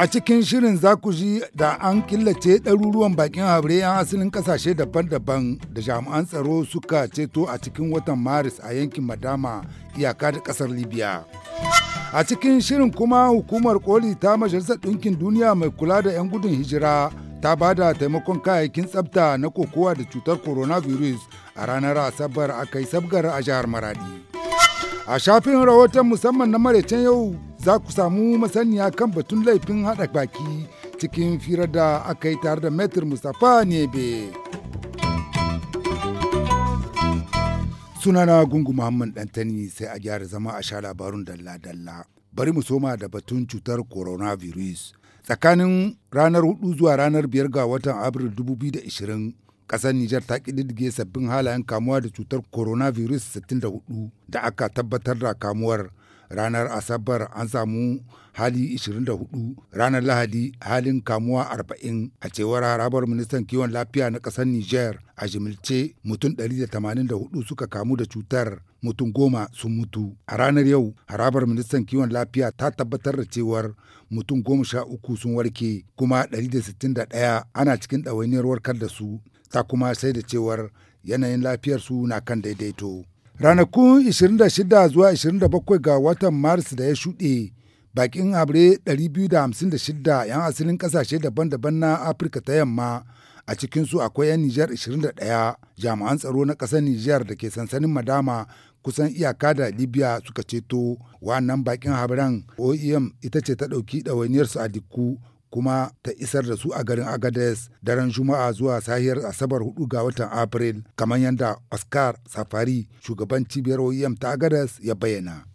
A cikin shirin za ku ji da an killace ɗaruruwan bakin habre 'yan asalin ƙasashe daban-daban da jami'an tsaro suka ceto a cikin watan Maris a yankin Madama iyaka da ƙasar Libya. A cikin shirin kuma hukumar koli ta Majalisar Ɗinkin Duniya mai kula da 'yan gudun hijira ta ba da taimakon kayayyakin tsafta na kokowa da cutar coronavirus a ranar Asabar a kai sabgar a jihar Maradi. A shafin rahoton musamman na maraicen yau za ku samu masaniya kan batun laifin haɗa baki cikin firar da aka yi tare da Metir Mustapha Nebe. Sunana Gungu Muhammad Dantani sai a gyara zama a sha labarun dalla-dalla. Bari mu soma da batun cutar coronavirus. Tsakanin ranar 4 zuwa ranar 5 ga watan Abril 2020 kasar Nijar ta ƙididdige sabbin halayen kamuwa da cutar coronavirus 64 da aka tabbatar da kamuwar ranar asabar an samu hali 24 ranar lahadi halin kamuwa 40 a cewar harabar ministan kiwon lafiya na ƙasar niger a jimilce mutum 184 suka kamu da cutar mutum goma sun mutu a ranar yau harabar ministan kiwon lafiya ta tabbatar da cewar mutum goma sha uku sun warke kuma 161 ana cikin ɗawainiyar warkar da su ta kuma sai da cewar yanayin lafiyarsu na kan daidaito ranakun 26 zuwa 27 ga watan maris da ya shuɗe bakin abre 256 'yan asalin ƙasashe daban-daban na afirka ta yamma a cikinsu akwai 'yan nijar 21 jami'an tsaro na ƙasar nijar da ke sansanin madama kusan iyaka da libya suka ceto wannan bakin habiran oem ita ce ta ɗauki ɗawainiyarsu a dikku kuma ta isar da su a garin Agades daren Juma'a zuwa sahiyar Asabar 4 ga watan Afril kamar yadda Oscar Safari shugaban cibiyar OEM ta Agades ya bayyana.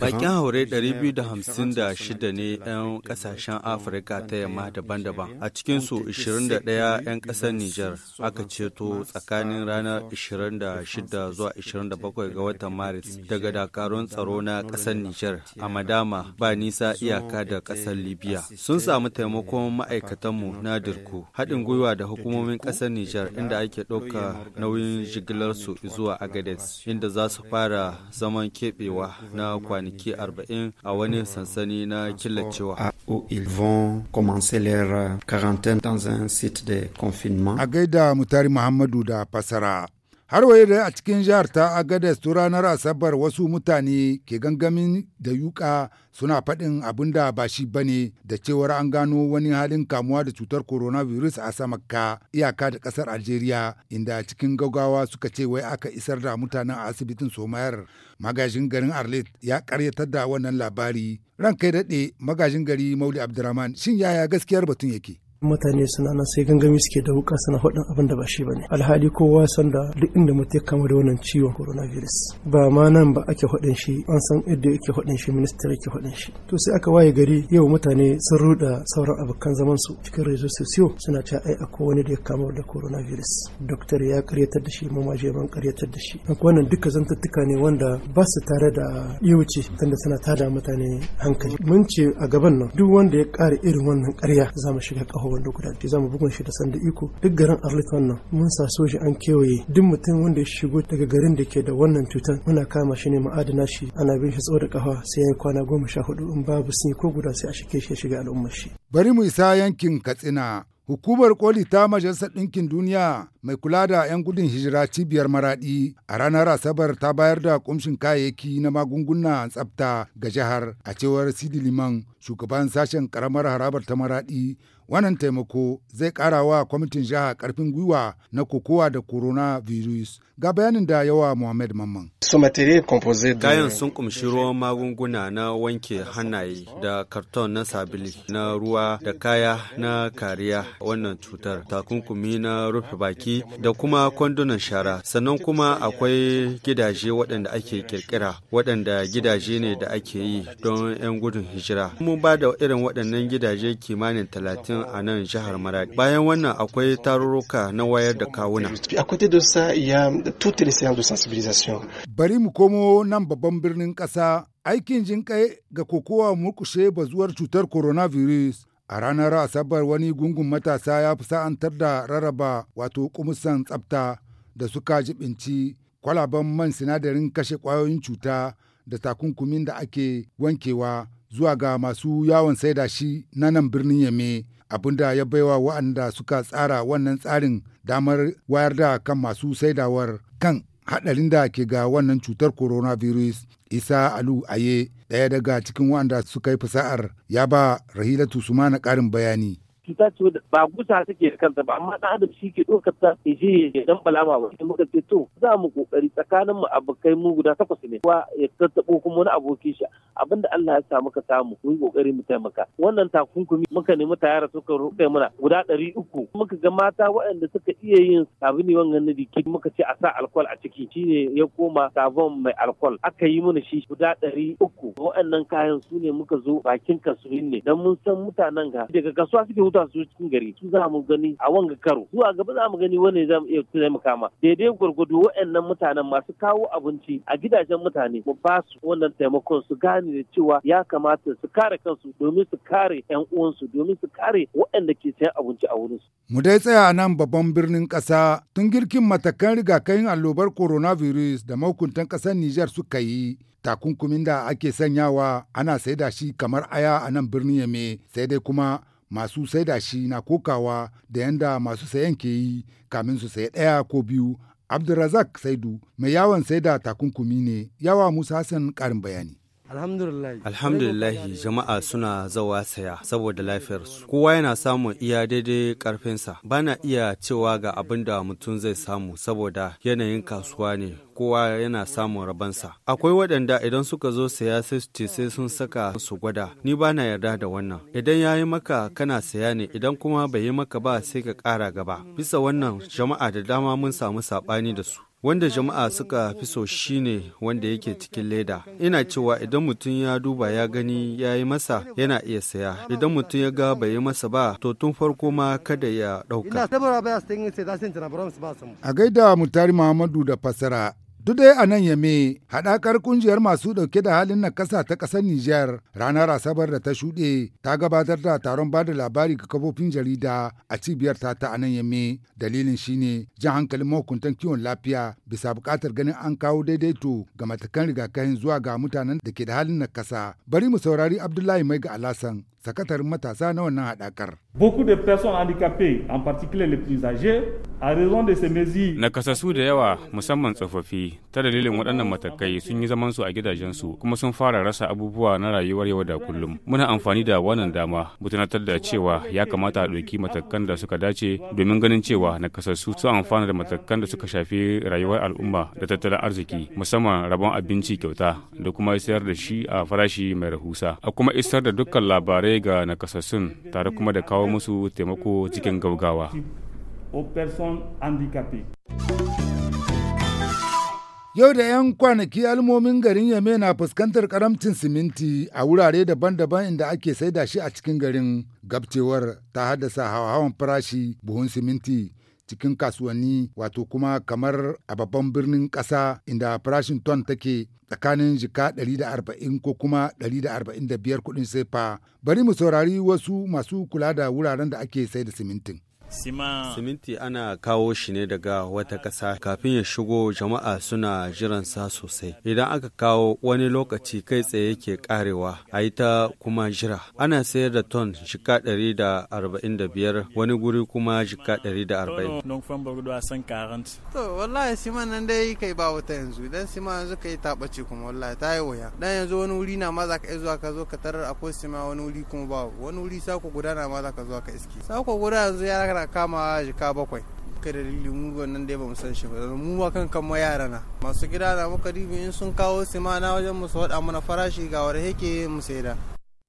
Bakin haure 256 ne 'yan kasashen Afirka ta yamma daban-daban, a cikinsu 21 'yan ƙasar Nijar aka ceto tsakanin ranar 26 zuwa 27 ga watan Maris daga dakarun tsaro na ƙasar Nijar a Madama ba nisa iyaka da ƙasar Libya. Sun samu taimakon ma'aikatanmu na dirku, haɗin gwiwa da hukumomin ƙasar Nijar inda ake ɗauka nauyin jigilarsu zuwa Agades, inda za su fara zaman keɓewa na kwanaki 40 a wani sansani na killacewa. A gaida Mutari Muhammadu da fasara har waye da a cikin jihar ta agadas to ranar asabar wasu mutane ke gangamin da yuka suna faɗin abin da ba shi ba ne da cewar an gano wani halin kamuwa da cutar coronavirus a samakka iyaka da ƙasar algeria inda cikin gaggawa suka ce wai aka isar da mutanen asibitin somayar magajin garin arlet ya karyatar da wannan labari ran kai daɗe magajin gari mauli abdurrahman shin yaya gaskiyar batun yake mutane suna nan sai gangami suke da wuka suna faɗin abin da ba shi ne. alhali kowa san da duk inda mutum kama da wannan ciwon coronavirus ba ma nan ba ake faɗin shi an san yadda yake faɗin shi minister yake faɗin shi to sai aka waye gari yau mutane sun ruɗa sauran abokan zaman su cikin rezo sosiyo suna cewa ai akwai wani da ya kama da coronavirus doktor ya karyatar da shi je ban karyatar da shi wannan duka zantuttuka ne wanda ba su tare da iwuce tunda suna tada mutane hankali mun ce a gaban nan duk wanda ya ƙara irin wannan karya za mu shiga ƙaho kowane lokuta da zamu bugun shi da sanda iko duk garin arlifan nan mun sa soji an kewaye duk mutum wanda ya shigo daga garin da ke da wannan cutar muna kama shi ne ma'adana shi ana bin shi tsoro da kafa sai ya kwana goma sha hudu in babu sun ko guda sai a shike shi shiga al'ummar shi. bari mu isa yankin katsina Hukumar koli ta Majalisar Ɗinkin Duniya mai kula da 'yan gudun hijira cibiyar maraɗi a ranar Asabar ta bayar da kumshin kayayyaki na magunguna tsafta ga jihar a cewar Sidi Liman shugaban sashen karamar harabar ta maraɗi wannan taimako zai ƙara wa kwamitin jiha ƙarfin gwiwa na kokowa da coronavirus ga bayanin da yawa Muhammad Mamman. Kayan sun kumshi ruwan magunguna na wanke hannaye da karton na sabili na ruwa da kaya na kariya wannan cutar takunkumi na rufe baki da kuma kwandunan shara sannan kuma akwai gidaje waɗanda ake kirkira waɗanda gidaje ne da ake yi don 'yan gudun hijira. mun ba da irin waɗannan gidaje kimanin talatin a nan jihar Maradi. Bayan wannan akwai tarurruka na wayar da kawuna. Bari mu komo nan babban birnin ƙasa aikin jin ƙai ga kokowa murkushe bazuwar cutar coronavirus. A ranar Asabar wani gungun matasa ya fi sa'antar da rarraba wato kumusan tsafta da suka jibinci kwalaban man sinadarin kashe kwayoyin cuta da takunkumin da ake wankewa zuwa ga masu yawon saida shi na nan birnin Yame abinda ya baiwa wa'anda suka tsara wannan tsarin damar wayar da kan masu saidawar kan haɗarin da ke ga wannan cutar coronavirus isa alu aye ɗaya daga cikin wa'anda suka yi fasa'ar ya ba rahilatu sumana ƙarin bayani cuta ce da ba gusa take da kanta ba amma dan adam shi ke dokar ta je ya dan balama ba in muka ce to za mu kokari tsakanin mu abokai mu guda takwas ne wa ya tattabo kuma wani abokin shi abinda Allah ya sa muka samu ku yi kokari mu taimaka wannan takunkumi muka nemi tayara suka roƙe mana guda ɗari uku muka ga mata waɗanda suka iya yin sabuni wangan na jiki muka ce a sa alkol a ciki shine ya koma sabon mai alkol aka yi mana shi guda ɗari uku waɗannan kayan su ne muka zo bakin kasuwin ne dan mun san mutanen ga daga kasuwa suke mota su cikin gari su za mu gani a wanga karo su a gaba za mu gani wani za mu iya taimaka ma daidai gwargwado waɗannan mutanen masu kawo abinci a gidajen mutane mu ba su wannan taimakon su gane da cewa ya kamata su kare kansu domin su kare 'yan uwansu domin su kare waɗanda ke sayan abinci a wurin su. Mu dai tsaya a nan babban birnin ƙasa tun girkin matakan rigakafin allobar coronavirus da mahukuntan ƙasar Nijar suka yi takunkumin da ake sanyawa ana saida shi kamar aya a nan birnin Yame sai dai kuma masu saida shi na kokawa da yanda masu sayan ke yi kamin su sayi ɗaya ko biyu abdulrazak saidu mai yawon sai da takunkumi ne yawa musa hassan ƙarin bayani Alhamdulillah, jama'a suna zawa saya saboda lafiyarsu. Kowa yana samun iya daidai karfinsa. Bana iya cewa ga abin da mutum zai samu saboda yanayin kasuwa ne kowa yana samun rabansa. Akwai waɗanda idan suka zo saya sai su ce sai sun saka su gwada. Ni bana yarda da wannan. Idan ya yi maka kana saya ne idan kuma bai yi maka ba sai ka ƙara gaba. Bisa wannan jama'a da dama mun samu saɓani da su. wanda jama'a suka fi so shine wanda yake cikin leda ina cewa idan mutum ya duba ya gani ya yi masa yana iya saya idan mutum ya ga bai yi masa ba to tun farko ma kada ya ɗauka a gaida mutari muhammadu da fasara Duk dai a nan Yame, haɗakar ƙungiyar masu ɗauke da halin na ƙasa ta ƙasar Nijar ranar Asabar da ta shuɗe ta gabatar da taron ba da labari ga kafofin jarida a cibiyar ta ta a nan Yame. Dalilin shine jan hankalin mahukuntan kiwon lafiya bisa buƙatar ganin an kawo daidaito ga matakan rigakafin zuwa ga mutanen da ke da halin na ƙasa Bari mu saurari Abdullahi Mai ga Alasan sakataren matasa na wannan haɗakar. Beaucoup de personnes handicapées, en particulier les plus âgées, a raison de ces mesures. Nakasassu da yawa, musamman tsofaffi, ta dalilin waɗannan matakai sun yi zaman su a gidajen su kuma sun fara rasa abubuwa na rayuwar yau da kullum. Muna amfani da wannan dama mu da cewa ya kamata a ɗauki matakan da suka dace domin ganin cewa nakasassu sun amfana da matakan da suka shafi rayuwar al'umma da tattalin arziki, musamman rabon abinci kyauta da kuma isar da shi a farashi mai rahusa. A kuma isar da dukkan labarai sosai ga nakasassun tare kuma da kawo musu taimako cikin gaugawa. Yau da 'yan kwanaki almomin garin Yame na fuskantar karamcin siminti a wurare daban-daban inda ake saida shi a cikin garin. Gabcewar ta haddasa hawa-hawan farashi buhun siminti cikin kasuwanni wato kuma kamar a babban birnin ƙasa inda farashin ton take tsakanin jika 140 ko kuma 145 kuɗin sefa. Bari mu saurari wasu masu kula da wuraren da ake sai da simintin. Siminti ana kawo shi ne daga wata ƙasa kafin ya shigo jama'a suna jiransa sosai. Idan aka kawo wani lokaci kai tsaye yake karewa a yi ta kuma jira. Ana sayar da ton jika ɗari da arba'in da biyar wani guri kuma jika ɗari da arba'in. To wallahi siman nan dai kai ba wata yanzu dan sima yanzu ka yi ɓace kuma wallahi ta yi wuya Dan yanzu wani wuri na ma za ka iya zuwa ka zo ka tarar akwai sima wani wuri kuma ba wani wuri sako gudana ma za ka zuwa ka iske. Sako guda yanzu ya kana kama jika bakwai kai da lili mu wannan dai ba san shi ba mu ma kan kan yara na masu gida na muka ribu in sun kawo simana wajen mu su mana farashi ga wanda yake mu saida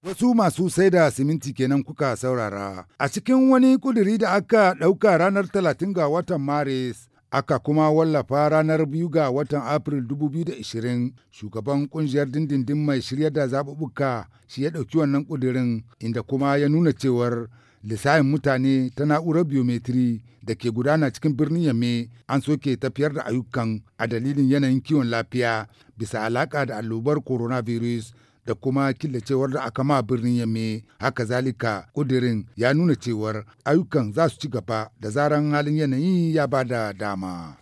Wasu masu sai da siminti kenan kuka saurara. A cikin wani kuduri da aka ɗauka ranar 30 ga watan Maris, aka kuma wallafa ranar biyu ga watan Afril 2020, shugaban kungiyar dindindin mai shirya da zaɓuɓɓuka shi ya ɗauki wannan kudirin, inda kuma ya nuna cewar lissafin mutane ta na'urar biometri da ke gudana cikin birnin yamme an soke tafiyar da ayyukan a dalilin yanayin kiwon lafiya bisa alaƙa da allobar coronavirus da kuma killacewar da aka ma birnin yamme haka zalika kudirin ya nuna cewar ayyukan za su ci gaba da zaran halin yanayi ya ba da dama.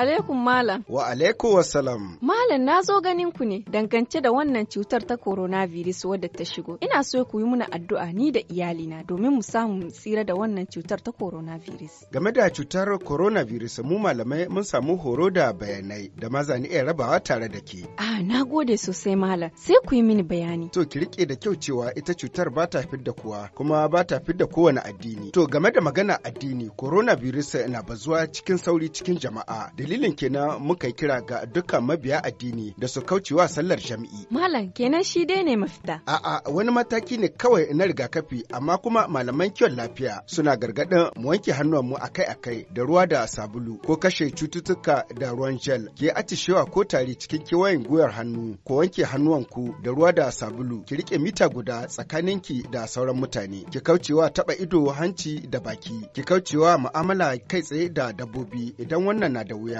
alaikum malam. Wa alaikum wassalam. Malam na zo ganin ku ne dangance da wannan cutar ta coronavirus wadda ta shigo. Ina so ku yi muna addu'a ni da iyalina domin mu samu tsira da wannan cutar ta coronavirus. Game da cutar coronavirus mu malamai mun samu horo da bayanai da ma ni iya rabawa tare da ke. Ah na gode sosai malam sai ku yi mini bayani. To ki rike da kyau cewa ita cutar ba ta fidda kuwa kuma ba ta fidda kowane addini. To game da magana addini coronavirus na bazuwa cikin sauri cikin jama'a. dalilin kenan muka kira ga dukkan mabiya addini da su kaucewa sallar Jami'i. Malam kenan shi dai ne mafita. A'a wani mataki ne kawai na rigakafi amma kuma malaman kiwon lafiya suna gargadin mu wanke mu akai-akai da ruwa da sabulu ko kashe cututtuka da ruwan gel ke atishewa ko tari cikin kewayen guyar hannu ko wanke hannuwanku da ruwa da sabulu ki rike mita guda tsakaninki da sauran mutane ki kaucewa taba ido hanci da baki ki kaucewa mu'amala kai tsaye da dabbobi idan wannan na da wuya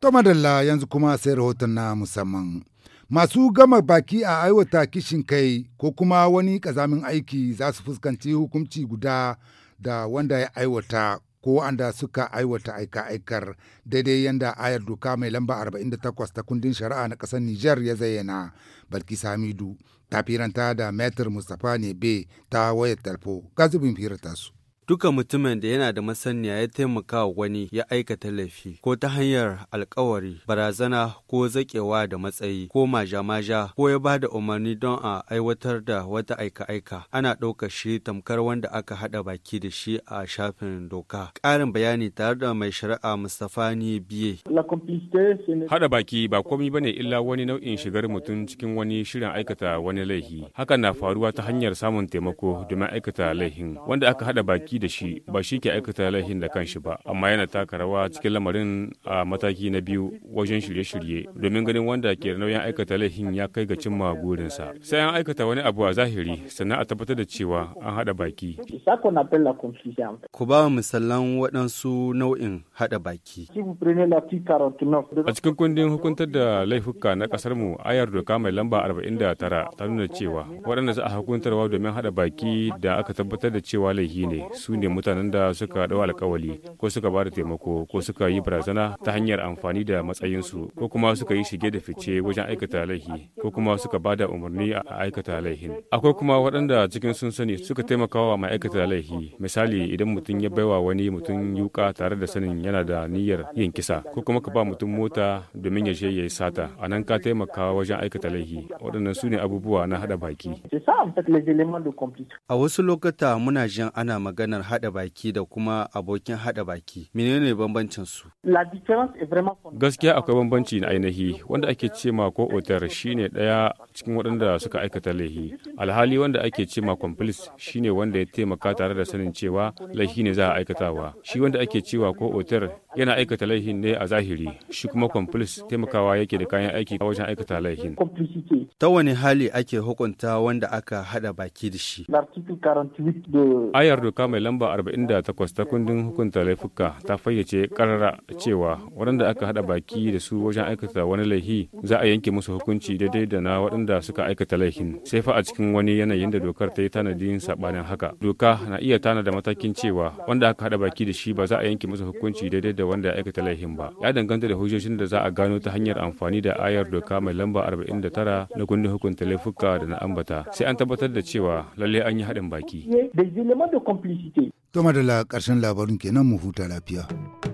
To madalla yanzu kuma sai rahoton na musamman. Masu gama baki a aiwata kishin kai ko kuma wani ƙazamin aiki za su fuskanci hukunci guda da wanda ya aiwata ko anda suka aiwata aika-aikar daidai yanda ayar doka mai lamba 48 ta kundin shari'a na ƙasar Nijar ya zayyana Balki Samidu ta firanta da metr Mustapha Nebe ta wayar talfo gazubin firata su. Duka mutumin da yana da masaniya ya taimaka wani ya aikata laifi ko ta hanyar alkawari, barazana ko zakewa da matsayi ko majamaja ko ya ba da umarni don a aiwatar da wata aika-aika ana ɗaukar shi tamkar wanda aka haɗa baki da shi a shafin doka. Ƙarin bayani tare da mai shari'a Mustapha ni biye. Haɗa baki ba komai bane illa wani nau'in shigar mutum cikin wani shirin aikata wani laifi. Hakan na faruwa ta hanyar samun taimako domin aikata laifin wanda aka haɗa baki da shi ba shi ke aikata laihin da kanshi ba amma yana taka rawa cikin lamarin a mataki na biyu wajen shirye-shirye domin ganin wanda ke nauyin aikata laifin ya kai ga cimma burinsa sai an aikata wani abu a zahiri sannan a tabbatar da cewa an haɗa baki. Ku ba misalan waɗansu nau'in haɗa baki. A cikin kundin hukuntar da laifuka na kasar mu ayar doka mai lamba 49 ta nuna cewa waɗanda za a hukuntarwa domin haɗa baki da aka tabbatar da cewa laifi ne su ne mutanen da suka dau alkawali ko suka ba da taimako ko suka yi barazana ta hanyar amfani da matsayinsu ko kuma suka yi shige da fice wajen aikata laihi ko kuma suka ba da umarni a aikata laihin akwai kuma waɗanda cikin sun sani suka taimaka wa ma'aikata laihi misali idan mutum ya baiwa wani mutum yuka tare da sanin yana da niyyar yin kisa ko kuma ka ba mutum mota domin ya je ya yi sata a nan ka taimaka wajen aikata laihi waɗannan su ne abubuwa na haɗa baki a wasu lokuta muna jin ana magana wannan hada baki da kuma abokin hada baki. Menene bambancin su? Gaskiya akwai bambanci na ainihi wanda ake cema ko otar shine daya cikin waɗanda suka aikata laifi Alhali wanda ake cema complice shine wanda ya taimaka tare da sanin cewa laihi ne za a aikatawa. Shi wanda ake cewa ko otar yana aikata laihin ne a zahiri shi kuma complice taimakawa yake da kayan aiki wajen aikata laihin. Ta wani hali ake hukunta wanda aka hada baki da shi? Ayar doka mai mai lamba 48 ta kundin hukunta laifuka ta fayyace karara cewa waɗanda aka hada baki da su wajen aikata wani laihi za a yanke musu hukunci daidai da na waɗanda suka aikata laifin sai fa a cikin wani yanayin da dokar ta yi tanadin sabanin haka doka na iya tana da matakin cewa wanda aka haɗa baki da shi ba za a yanke masa hukunci daidai da wanda ya aikata laihin ba ya danganta da hujjojin da za a gano ta hanyar amfani da ayar doka mai lamba 49 na kundin hukunta laifuka da na ambata sai an tabbatar da cewa lalle an yi haɗin baki. suke. da da ƙarshen labarin kenan mu huta lafiya.